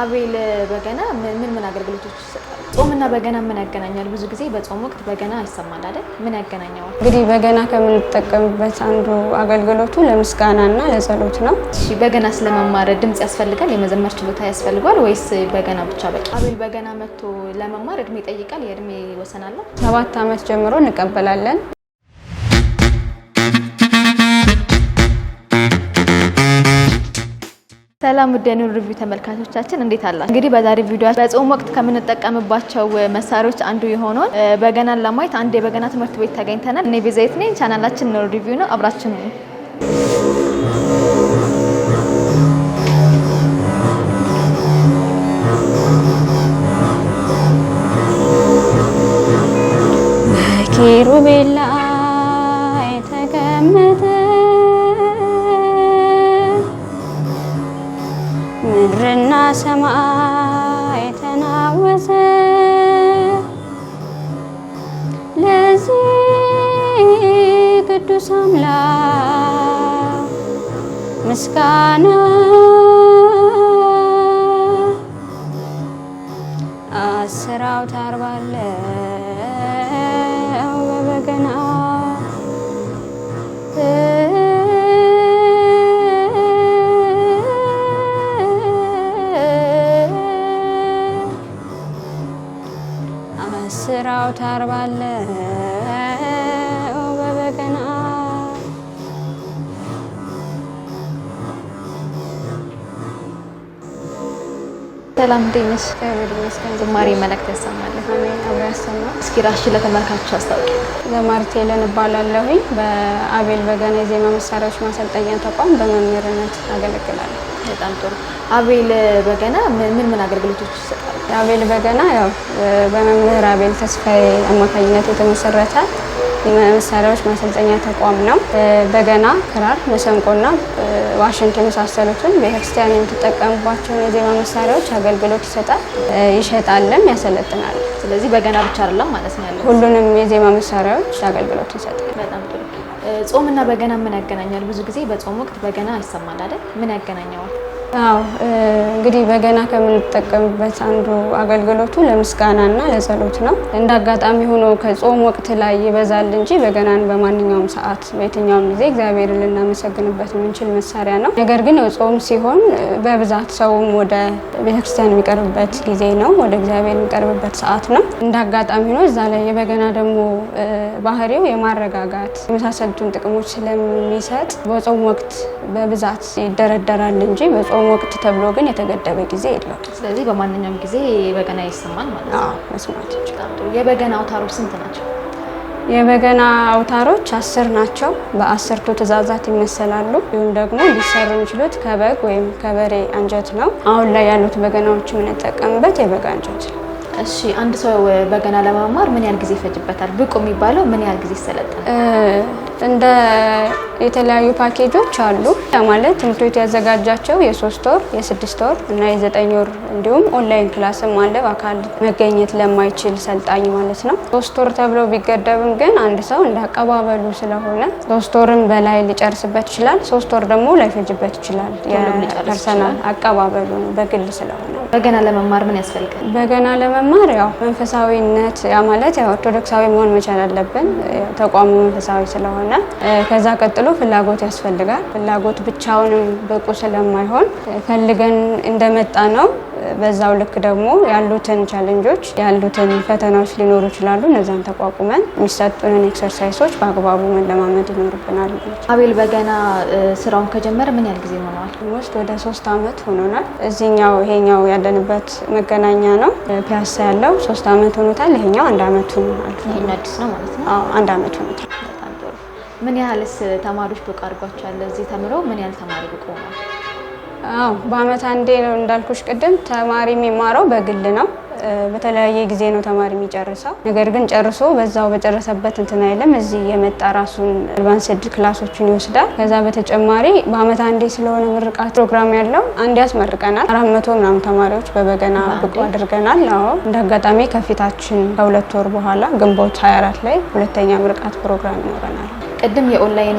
አቤል በገና ምን ምን አገልግሎቶች ይሰጣል? ጾምና በገና ምን ያገናኛል? ብዙ ጊዜ በጾም ወቅት በገና ይሰማል አይደል? ምን ያገናኘዋል? እንግዲህ በገና ከምንጠቀምበት አንዱ አገልግሎቱ ለምስጋናና ለጸሎት ነው። እሺ፣ በገና ስለመማር ድምጽ ያስፈልጋል? የመዘመር ችሎታ ያስፈልጓል ወይስ በገና ብቻ በቂ? አቤል በገና መጥቶ ለመማር እድሜ ይጠይቃል? የእድሜ ወሰን አለው? ሰባት ዓመት ጀምሮ እንቀበላለን። ሰላም ውድ የኑር ሪቪው ተመልካቾቻችን እንዴት አላችሁ? እንግዲህ በዛሬ ቪዲዮ በጾም ወቅት ከምንጠቀምባቸው መሳሪያዎች አንዱ የሆነውን በገናን ለማየት አንድ የበገና ትምህርት ቤት ተገኝተናል። እኔ ቤዛይት ነኝ። ቻናላችን ኑር ሪቪው ነው። አብራችን ነው። ኪሩቤል ላይ ተቀመጠ ምድርና ሰማይ ተናወዘ ለዚህ ቅዱስ አምላክ ምስጋና ሰላም እንዴት ነሽ? እግዚአብሔር ዝማሬ መልእክት ያሰማለን። አሜን። ያሰማ። እስኪ ራስሽን ለተመልካቾች አስታውቂ። ዘማሪት እባላለሁኝ። በአቤል በገና የዜማ መሳሪያዎች ማሰልጠኛ ተቋም በመምህርነት አገለግላለሁ። በጣም ጥሩ። አቤል በገና ምን ምን አገልግሎቶች ይሰጣል? አቤል በገና ያው በመምህር አቤል ተስፋዬ አማካኝነት የተመሰረተ የመሳሪያዎች ማሰልጠኛ ተቋም ነው። በገና፣ ክራር፣ መሰንቆና ዋሽንት የመሳሰሉትን ቤተክርስቲያን የምትጠቀምባቸውን የዜማ መሳሪያዎች አገልግሎት ይሰጣል። ይሸጣልም ያሰለጥናል። ስለዚህ በገና ብቻ አይደለም ማለት ነው ያለው፣ ሁሉንም የዜማ መሳሪያዎች አገልግሎት ይሰጣል። በጣም ጥሩ። ጾምና በገና ምን ያገናኛል? ብዙ ጊዜ በጾም ወቅት በገና ይሰማል አይደል? ምን ያገናኘዋል? አዎ እንግዲህ በገና ከምንጠቀምበት አንዱ አገልግሎቱ ለምስጋናና ለጸሎት ነው። እንደ አጋጣሚ ሆኖ ከጾም ወቅት ላይ ይበዛል እንጂ በገናን በማንኛውም ሰዓት በየትኛውም ጊዜ እግዚአብሔር ልናመሰግንበት የምንችል መሳሪያ ነው። ነገር ግን ጾም ሲሆን በብዛት ሰውም ወደ ቤተክርስቲያን የሚቀርብበት ጊዜ ነው፣ ወደ እግዚአብሔር የሚቀርብበት ሰዓት ነው። እንደ አጋጣሚ ሆኖ እዛ ላይ የበገና ደግሞ ባህሪው የማረጋጋት የመሳሰሉትን ጥቅሞች ስለሚሰጥ በጾም ወቅት በብዛት ይደረደራል እንጂ በጾም ወቅት ተብሎ ግን የተገደበ ጊዜ የለውም። ስለዚህ በማንኛውም ጊዜ በገና ይሰማል ማለት ነው። መስማት ይችላል። የበገና አውታሮች ስንት ናቸው? የበገና አውታሮች አስር ናቸው። በአስርቱ ትእዛዛት ይመሰላሉ። እንዲሁም ደግሞ ሊሰሩ የሚችሉት ከበግ ወይም ከበሬ አንጀት ነው። አሁን ላይ ያሉት በገናዎች የምንጠቀምበት የበግ አንጀት ነው። እሺ፣ አንድ ሰው በገና ለመማር ምን ያህል ጊዜ ይፈጅበታል? ብቁ የሚባለው ምን ያህል ጊዜ ይሰለጣል? እንደ የተለያዩ ፓኬጆች አሉ ማለት ትምህርት ቤት ያዘጋጃቸው የሶስት ወር የስድስት ወር እና የዘጠኝ ወር እንዲሁም ኦንላይን ክላስም አለ በአካል መገኘት ለማይችል ሰልጣኝ ማለት ነው። ሶስት ወር ተብሎ ቢገደብም ግን አንድ ሰው እንደ አቀባበሉ ስለሆነ ሶስት ወርም በላይ ሊጨርስበት ይችላል። ሶስት ወር ደግሞ ላይፈጅበት ይችላል። የፐርሰናል አቀባበሉ ነው በግል ስለሆነ። በገና ለመማር ምን ያስፈልጋል? በገና ለመማር ያው መንፈሳዊነት ያ ማለት ያው ኦርቶዶክሳዊ መሆን መቻል አለብን። ተቋሙ መንፈሳዊ ስለሆነ አለ። ከዛ ቀጥሎ ፍላጎት ያስፈልጋል። ፍላጎት ብቻውንም ብቁ ስለማይሆን ፈልገን እንደመጣ ነው። በዛው ልክ ደግሞ ያሉትን ቻለንጆች ያሉትን ፈተናዎች ሊኖሩ ይችላሉ። እነዛን ተቋቁመን የሚሰጡንን ኤክሰርሳይሶች በአግባቡ መለማመድ ይኖርብናል። አቤል በገና ስራውን ከጀመረ ምን ያህል ጊዜ ሆነዋል? ውስጥ ወደ ሶስት አመት ሆኖናል። እዚህኛው ይሄኛው ያለንበት መገናኛ ነው ፒያሳ ያለው ሶስት አመት ሆኖታል። ይሄኛው አንድ አመት ሆኖታል። አዲስ ነው ማለት ነው። አንድ አመት ሆኖታል። ምን ያህልስ ተማሪዎች ብቅ አድርጓቸዋል? እዚህ ተምረው ምን ያህል ተማሪ ብቅ ሆኗል? አዎ በአመት አንዴ ነው እንዳልኩሽ ቅድም ተማሪ የሚማረው በግል ነው። በተለያየ ጊዜ ነው ተማሪ የሚጨርሰው። ነገር ግን ጨርሶ በዛው በጨረሰበት እንትን አይልም። እዚህ የመጣ ራሱን አድቫንስድ ክላሶችን ይወስዳል። ከዛ በተጨማሪ በአመት አንዴ ስለሆነ ምርቃት ፕሮግራም ያለው አንዴ ያስመርቀናል። አራት መቶ ምናምን ተማሪዎች በበገና ብቁ አድርገናል። አዎ እንደ አጋጣሚ ከፊታችን ከሁለት ወር በኋላ ግንቦት 24 ላይ ሁለተኛ ምርቃት ፕሮግራም ይኖረናል። ቅድም የኦንላይን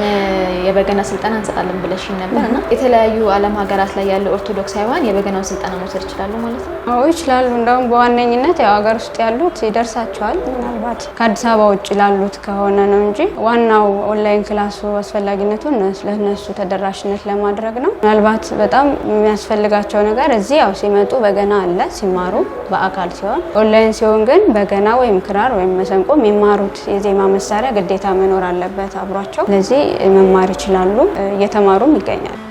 የበገና ስልጠና እንሰጣለን ብለሽኝ ነበር እና የተለያዩ ዓለም ሀገራት ላይ ያሉ ኦርቶዶክሳውያን የበገናውን ስልጠና መውሰድ ይችላሉ ማለት ነው? አዎ ይችላሉ። እንደውም በዋነኝነት ያው ሀገር ውስጥ ያሉት ይደርሳቸዋል። ምናልባት ከአዲስ አበባ ውጭ ላሉት ከሆነ ነው እንጂ ዋናው ኦንላይን ክላሱ አስፈላጊነቱ ለእነሱ ተደራሽነት ለማድረግ ነው። ምናልባት በጣም የሚያስፈልጋቸው ነገር እዚህ ያው ሲመጡ በገና አለ ሲማሩ በአካል ሲሆን፣ ኦንላይን ሲሆን ግን በገና ወይም ክራር ወይም መሰንቆ የሚማሩት የዜማ መሳሪያ ግዴታ መኖር አለበት። አብሯቸው። ስለዚህ መማር ይችላሉ፣ እየተማሩም ይገኛሉ።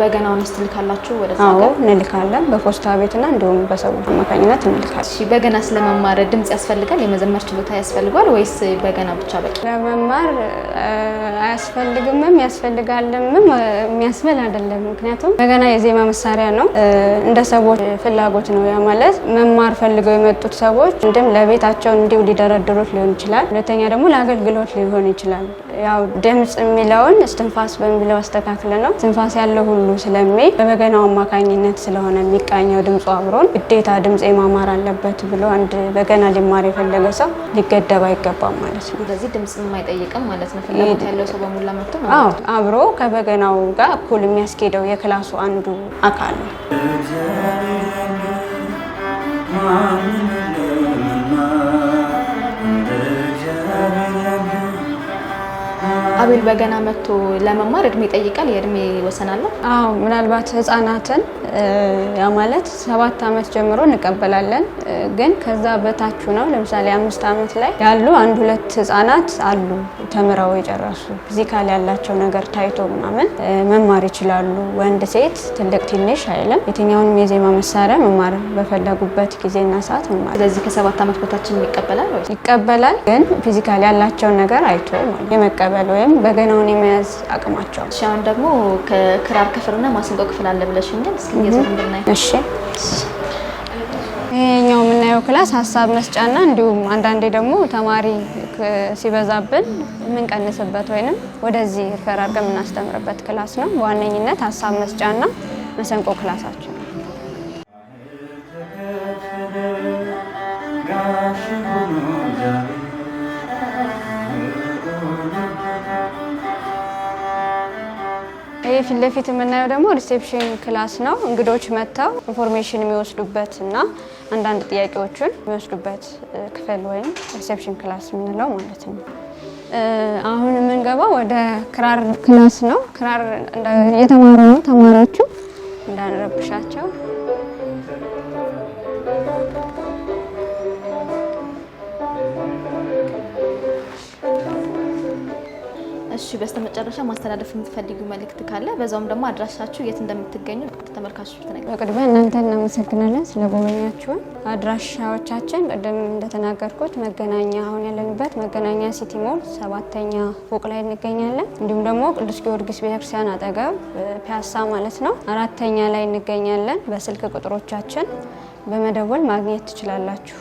በገናውን ስትልካላችሁ ወደ እንልካለን። በፖስታ ቤትና እንዲሁም በሰዎች አማካኝነት እንልካለን። በገና ስለመማር ድምጽ ያስፈልጋል፣ የመዘመር ችሎታ ያስፈልጋል ወይስ በገና ብቻ በቂ? ለመማር አያስፈልግምም ያስፈልጋልምም የሚያስበል አይደለም። ምክንያቱም በገና የዜማ መሳሪያ ነው፣ እንደ ሰዎች ፍላጎት ነው። ያ ማለት መማር ፈልገው የመጡት ሰዎች እንደም ለቤታቸው እንዲሁ ሊደረድሩት ሊሆን ይችላል። ሁለተኛ ደግሞ ለአገልግሎት ሊሆን ይችላል። ያው ድምፅ የሚለውን እስትንፋስ በሚለው አስተካክለ ነው እስትንፋስ ያለው ሁሉ ስለሚል በበገናው አማካኝነት ስለሆነ የሚቃኘው ድምፁ አብሮን ግዴታ ድምፄ ማማር አለበት ብሎ አንድ በገና ሊማር የፈለገ ሰው ሊገደብ አይገባም ማለት ነው። ስለዚህ ድምፅ የማይጠይቅም ማለት ነው። ፍላጎት ያለው ሰው በሙላ ነው። አብሮ ከበገናው ጋር እኩል የሚያስኬደው የክላሱ አንዱ አካል ነው። አቤል በገና መጥቶ ለመማር እድሜ ይጠይቃል። የእድሜ ወሰን አለው? አዎ፣ ምናልባት ህጻናትን ያ ማለት ሰባት አመት ጀምሮ እንቀበላለን። ግን ከዛ በታች ነው። ለምሳሌ አምስት አመት ላይ ያሉ አንድ ሁለት ህጻናት አሉ ተምረው የጨረሱ ፊዚካል ያላቸው ነገር ታይቶ ምናምን መማር ይችላሉ። ወንድ ሴት፣ ትልቅ ትንሽ አይልም። የትኛውንም የዜማ መሳሪያ መማር በፈለጉበት ጊዜና ሰዓት መማር። ስለዚህ ከሰባት አመት በታችን ይቀበላል ይቀበላል። ግን ፊዚካል ያላቸው ነገር አይቶ የመቀበል ወይም ግን በገናውን የመያዝ አቅማቸው። እሺ አሁን ደግሞ ከክራር ክፍልና ማሲንቆ ክፍል አለ ብለሽኛል። እስኪ እሺ ይሄኛው የምናየው ክላስ ሀሳብ መስጫና እንዲሁም አንዳንዴ ደግሞ ተማሪ ሲበዛብን የምንቀንስበት ወይንም ወደዚህ ሪፈር አድርገን የምናስተምርበት ክላስ ነው። በዋነኝነት ሀሳብ መስጫና መሰንቆ ክላሳቸው እዚህ ፊት ለፊት የምናየው ደግሞ ሪሴፕሽን ክላስ ነው። እንግዶች መጥተው ኢንፎርሜሽን የሚወስዱበት እና አንዳንድ ጥያቄዎችን የሚወስዱበት ክፍል ወይም ሪሴፕሽን ክላስ የምንለው ማለት ነው። አሁን የምንገባው ወደ ክራር ክላስ ነው። ክራር እየተማሩ ነው ተማሪዎቹ እንዳንረብሻቸው እሺ በስተመጨረሻ ማስተላለፍ የምትፈልጊው መልእክት ካለ በዛውም ደግሞ አድራሻችሁ የት እንደምትገኙ ተመልካቾች ተነግ በቅድሚያ እናንተ እናመሰግናለን ስለጎበኛችሁን። አድራሻዎቻችን ቅድም እንደተናገርኩት መገናኛ አሁን ያለንበት መገናኛ ሲቲ ሞል ሰባተኛ ፎቅ ላይ እንገኛለን። እንዲሁም ደግሞ ቅዱስ ጊዮርጊስ ቤተክርስቲያን አጠገብ ፒያሳ ማለት ነው አራተኛ ላይ እንገኛለን። በስልክ ቁጥሮቻችን በመደወል ማግኘት ትችላላችሁ።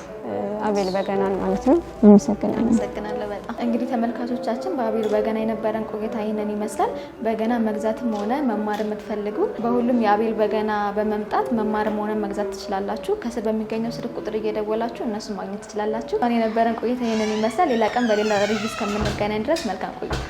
አቤል በገናን ማለት ነው። አመሰግናለሁ። አመሰግናለሁ በጣም እንግዲህ ተመልካቾቻችን በአቤል በገና የነበረን ቆይታ ይህንን ይመስላል። በገና መግዛትም ሆነ መማር የምትፈልጉ በሁሉም የአቤል በገና በመምጣት መማርም ሆነ መግዛት ትችላላችሁ። ከስር በሚገኘው ስልክ ቁጥር እየደወላችሁ እነሱን ማግኘት ትችላላችሁ። የነበረን ቆይታ ይህንን ይመስላል። ሌላ ቀን በሌላ ሪቪው እስከምንገናኝ ድረስ መልካም ቆይታ